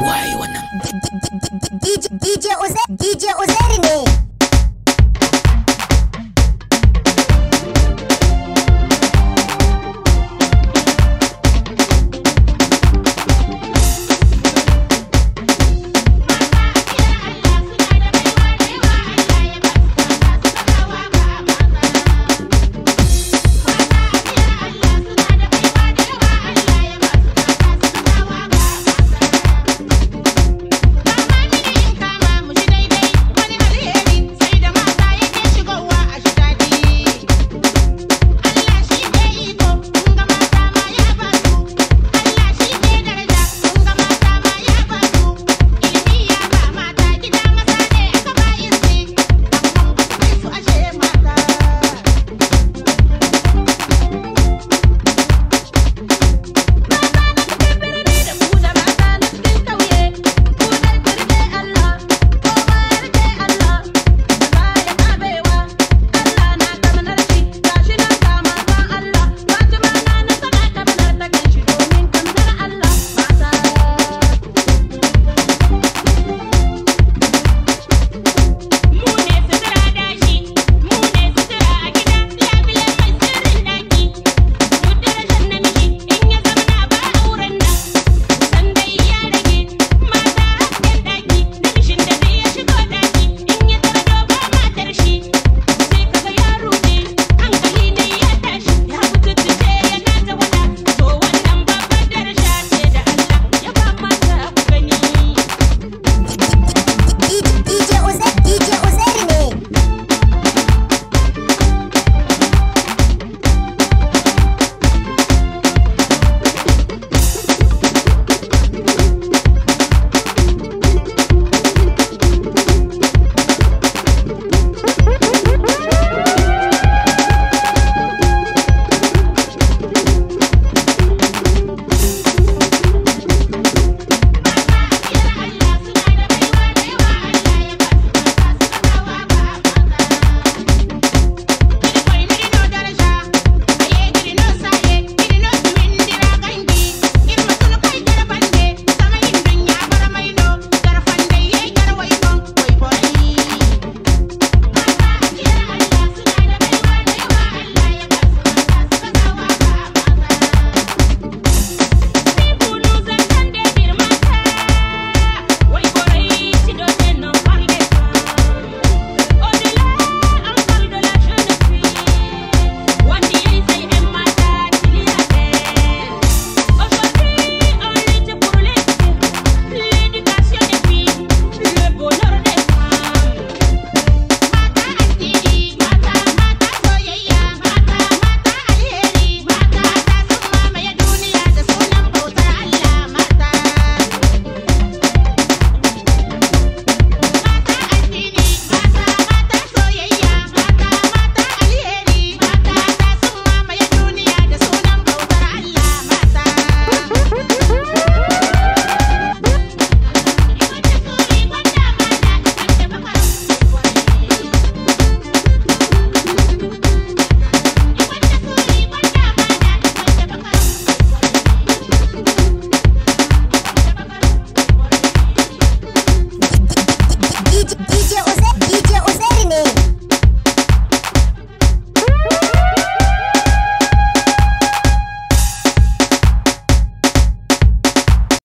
Why you wanna DJ DJ Uze DJ Uze ne